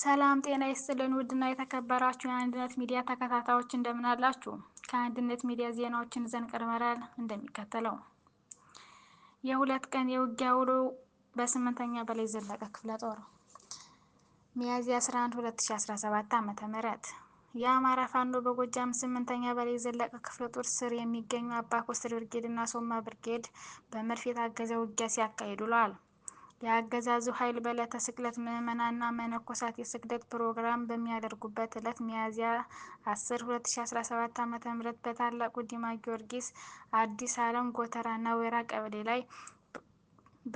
ሰላም ጤና ይስጥልን ውድና የተከበራችሁ የአንድነት ሚዲያ ተከታታዮች እንደምን አላችሁ? ከአንድነት ሚዲያ ዜናዎችን ዘን ቀርበናል። እንደሚከተለው የሁለት ቀን የውጊያ ውሎ በስምንተኛ በላይ ዘለቀ ክፍለ ጦር ሚያዝያ 11 2017 ዓ.ም የአማራ ፋኖ በጎጃም ስምንተኛ በላይ ዘለቀ ክፍለ ጦር ስር የሚገኙ አባ ኮስተር ብርጌድ እና ሶማ ብርጌድ በመድፍ የታገዘ ውጊያ ሲያካሂዱ ውለዋል። የአገዛዙ ኃይል በዕለተ ስቅለት ምዕመናንና መነኮሳት የስግደት ፕሮግራም በሚያደርጉበት ዕለት ሚያዝያ 10 2017 ዓ.ም በታላቁ ዲማ ጊዮርጊስ አዲስ ዓለም ጎተራና ወይራ ቀበሌ ላይ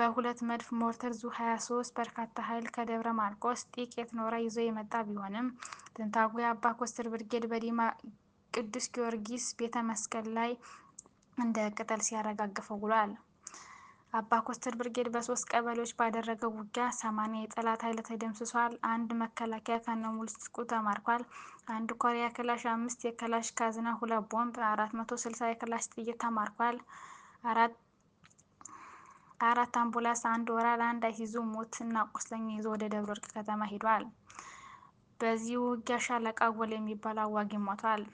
በሁለት መድፍ ሞርተር ዙ 23 በርካታ ኃይል ከደብረ ማርቆስ ጥቂት ኖራ ይዞ የመጣ ቢሆንም ትንታጉ የአባ ኮስትር ብርጌድ በዲማ ቅዱስ ጊዮርጊስ ቤተ መስቀል ላይ እንደ ቅጠል ሲያረጋግፈው ውሏል። አባ ኮስተር ብርጌድ በሶስት ቀበሌዎች ባደረገው ውጊያ ሰማኒያ የጠላት ኃይል ተደምስሷል። አንድ መከላከያ ከነ ሙሉ ተማርኳል። አንድ ኮሪያ ክላሽ፣ አምስት የክላሽ ካዝና፣ ሁለት ቦምብ፣ አራት መቶ ስልሳ የክላሽ ጥይት ተማርኳል። አራት አምቡላንስ፣ አንድ ወራል፣ አንድ አይሲዙ ሞት እና ቁስለኛ ይዞ ወደ ደብረ ወርቅ ከተማ ሂዷል። በዚህ ውጊያ ሻለቃ ጎል የሚባል አዋጊ ሞቷል።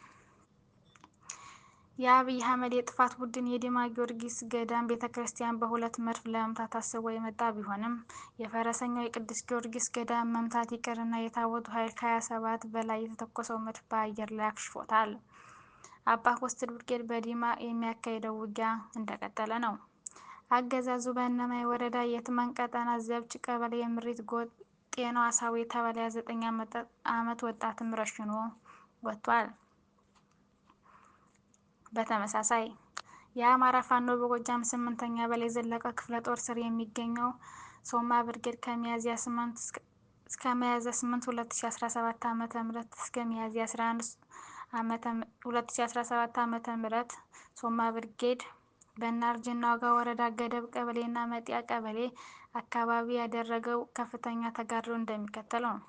የአብይ አህመድ የጥፋት ቡድን የዲማ ጊዮርጊስ ገዳም ቤተ ክርስቲያን በሁለት መድፍ ለመምታት አስቦ የመጣ ቢሆንም የፈረሰኛው የቅዱስ ጊዮርጊስ ገዳም መምታት ይቅርና የታወቱ ኃይል ከ ሰባት በላይ የተተኮሰው መድፍ በአየር ላይ አክሽፎታል። አባ ኮስትር ብርጌድ በዲማ የሚያካሄደው ውጊያ እንደቀጠለ ነው። አገዛዙ በእነማይ ወረዳ የትመን ቀጠና ዘብች ቀበሌ የምሪት ጎጥ ጤናው አሳዊ የተባለ የ ዓመት ወጣትም ረሽኖ ወጥቷል። በተመሳሳይ የአማራ ፋኖ በጎጃም ስምንተኛ በላይ ዘለቀ ክፍለ ጦር ስር የሚገኘው ሶማ ብርጌድ ከሚያዝያ ስምንት እስከ ሚያዝያ አስራ ሰባት አመተ ምህረት እስከ ሚያዝያ አስራ ሰባት አመተ ምህረት ሶማ ብርጌድ በእናርጅ ዋጋ ወረዳ ገደብ ቀበሌና መጢያ ቀበሌ አካባቢ ያደረገው ከፍተኛ ተጋድሎ እንደሚከተለው ነው።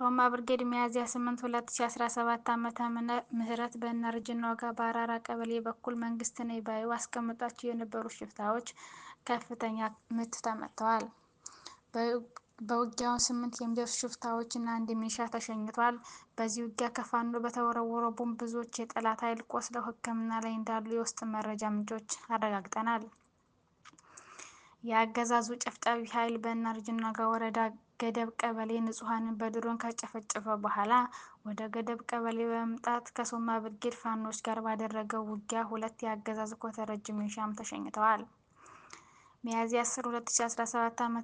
ሮማ ብርጌድ ሚያዝያ 8 2017 ዓመተ ምህረት ርጅና ዋጋ በአራራ ቀበሌ በኩል መንግስት ነኝ ባዩ አስቀምጧቸው የነበሩ ሽፍታዎች ከፍተኛ ምት ተመተዋል። በውጊያውን ስምንት የሚደርሱ ሽፍታዎች እና አንድ ሚሊሻ ተሸኝቷል። በዚህ ውጊያ ከፋኖ በተወረወረ ቦምብ ብዙዎች የጠላት ኃይል ቆስለው ሕክምና ላይ እንዳሉ የውስጥ መረጃ ምንጮች አረጋግጠናል። የአገዛዙ ጨፍጫቢ ኃይል በእናርጅና ጋ ወረዳ ገደብ ቀበሌ ንጹሐንን በድሮን ካጨፈጨፈ በኋላ ወደ ገደብ ቀበሌ በመምጣት ከሶማ ብርጌድ ፋኖች ጋር ባደረገው ውጊያ ሁለት የአገዛዝ ኮተ ረጅም ሚሊሻም ተሸኝተዋል። ሚያዝያ 10 2017 ም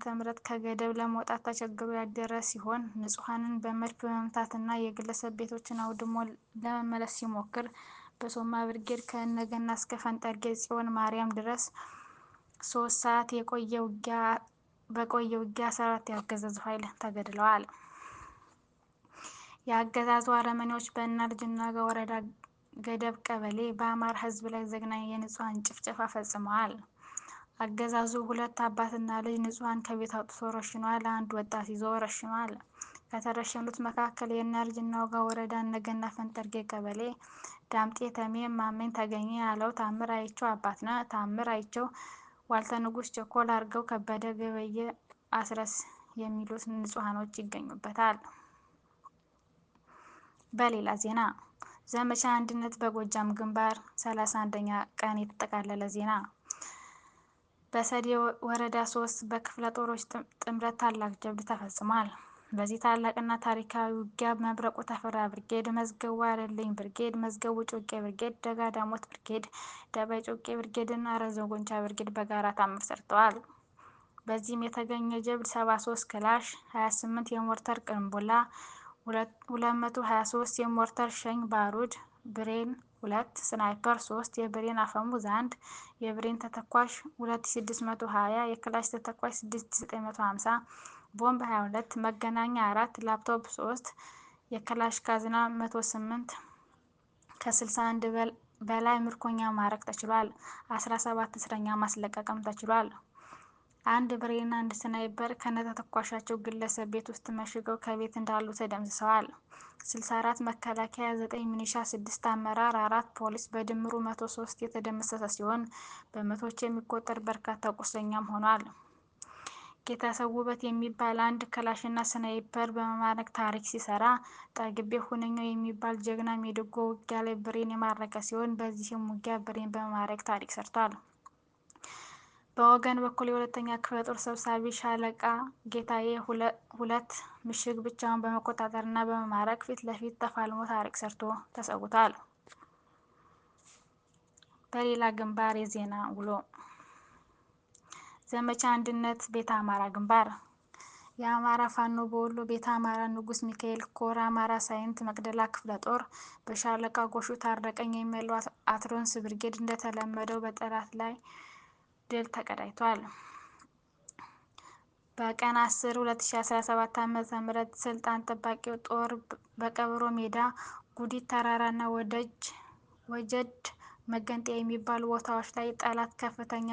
ከገደብ ለመውጣት ተቸግሮ ያደረ ሲሆን ንጹሐንን በመድፍ በመምታትና የግለሰብ ቤቶችን አውድሞ ለመመለስ ሲሞክር በሶማ ብርጌድ ከእነገና እስከ ፈንጠርጌ ጽዮን ማርያም ድረስ ሶስት ሰዓት የቆየ ውጊያ በቆየ ውጊያ አስራ አራት የአገዛዙ ኃይል ተገድለዋል። የአገዛዙ አረመኔዎች በእናርጅናጋ ወረዳ ገደብ ቀበሌ በአማራ ሕዝብ ላይ ዘግናኝ የንጹሐን ጭፍጨፋ ፈጽመዋል። አገዛዙ ሁለት አባትና ልጅ ንጹሐን ከቤት አውጥቶ ረሽኗል። አንድ ወጣት ይዞ ረሽኗል። ከተረሸኑት መካከል ወጋ ወረዳ እነገና ፈንጠርጌ ቀበሌ ዳምጤ ተሜ ማመኝ ተገኘ ያለው ታምር አይቸው አባት ነው። ታምር አይቸው ዋልተ ንጉስ፣ ቸኮል አርገው፣ ከበደ ገበየ፣ አስረስ የሚሉት ንጹሃኖች ይገኙበታል። በሌላ ዜና ዘመቻ አንድነት በጎጃም ግንባር 31ኛ ቀን የተጠቃለለ ዜና በሰዴ ወረዳ ሶስት በክፍለ ጦሮች ጥምረት ታላቅ ጀብድ ተፈጽሟል። በዚህ ታላቅና ታሪካዊ ውጊያ መብረቁ ተፈራ ብርጌድ፣ መዝገቡ አለልኝ ብርጌድ፣ መዝገቡ ጮቄ ብርጌድ፣ ደጋ ዳሞት ብርጌድ፣ ደባይ ጮቄ ብርጌድ እና ረዘው ጎንቻ ብርጌድ በጋራ ታምር ሰርተዋል። በዚህም የተገኘ ጀብድ 73 ክላሽ፣ 28 የሞርተር ቅንቡላ፣ 223 የሞርተር ሸኝ ባሩድ፣ ብሬን ሁለት ስናይፐር ሶስት የብሬን አፈሙዝ አንድ የብሬን ተተኳሽ 2620 የክላሽ ተተኳሽ 6950 ቦምብ 22፣ መገናኛ 4፣ ላፕቶፕ 3፣ የክላሽ ካዝና 108፣ ከ61 በላይ ምርኮኛ ማረክ ተችሏል። 17 እስረኛ ማስለቀቅም ተችሏል። አንድ ብሬና አንድ ስናይበር ከነተተኳሻቸው ግለሰብ ቤት ውስጥ መሽገው ከቤት እንዳሉ ተደምስሰዋል። 64 መከላከያ፣ 9 ሚኒሻ፣ 6 አመራር፣ አራት ፖሊስ በድምሩ 103 የተደመሰሰ ሲሆን በመቶዎች የሚቆጠር በርካታ ቁስለኛም ሆኗል። ጌታሰው ውበት የሚባል አንድ ከላሽና ስናይፐር በመማረክ ታሪክ ሲሰራ፣ ጠግቤ ሁነኛው የሚባል ጀግና ሜድጎ ውጊያ ላይ ብሬን የማረከ ሲሆን በዚህም ውጊያ ብሬን በመማረክ ታሪክ ሰርቷል። በወገን በኩል የሁለተኛ ክፍለ ጦር ሰብሳቢ ሻለቃ ጌታዬ ሁለት ምሽግ ብቻውን በመቆጣጠርና በመማረክ ፊት ለፊት ተፋልሞ ታሪክ ሰርቶ ተሰውቷል። በሌላ ግንባር የዜና ውሎ ዘመቻ አንድነት ቤተ አማራ ግንባር የአማራ ፋኖ በወሎ ቤተ አማራ ንጉስ ሚካኤል ኮር አማራ ሳይንት መቅደላ ክፍለ ጦር በሻለቃ ጎሹ ታረቀኝ የሚለው አትሮንስ ብርጌድ እንደተለመደው በጠላት ላይ ድል ተቀዳጅቷል። በቀን 10 2017 ዓ.ም ስልጣን ጠባቂው ጦር በቀበሮ ሜዳ፣ ጉዲት ተራራና ወጀድ መገንጠያ የሚባሉ ቦታዎች ላይ ጠላት ከፍተኛ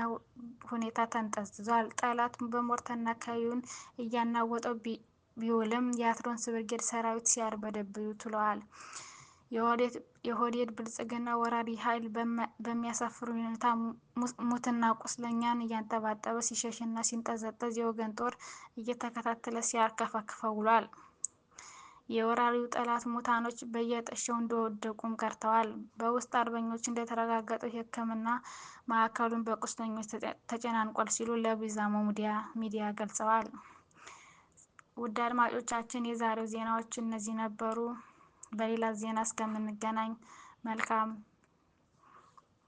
ሁኔታ ተንጠዝዟል። ጠላት በሞርተና ካዩን እያናወጠው ቢውልም የአትሮን ስብርጌድ ሰራዊት ሲያርበደብዱ ትለዋል። የሆዴድ ብልጽግና ወራሪ ኃይል በሚያሳፍር ሁኔታ ሙትና ቁስለኛን እያንጠባጠበ ሲሸሽና ሲንጠዘጠዝ የወገን ጦር እየተከታተለ ሲያርከፈክፈው ውሏል። የወራሪው ጠላት ሙታኖች በየጥሻው እንደወደቁም ቀርተዋል። በውስጥ አርበኞች እንደተረጋገጠው የሕክምና ማዕከሉን በቁስለኞች ተጨናንቋል ሲሉ ለቢዛሞ ሚዲያ ገልጸዋል። ውድ አድማጮቻችን የዛሬው ዜናዎች እነዚህ ነበሩ። በሌላ ዜና እስከምንገናኝ መልካም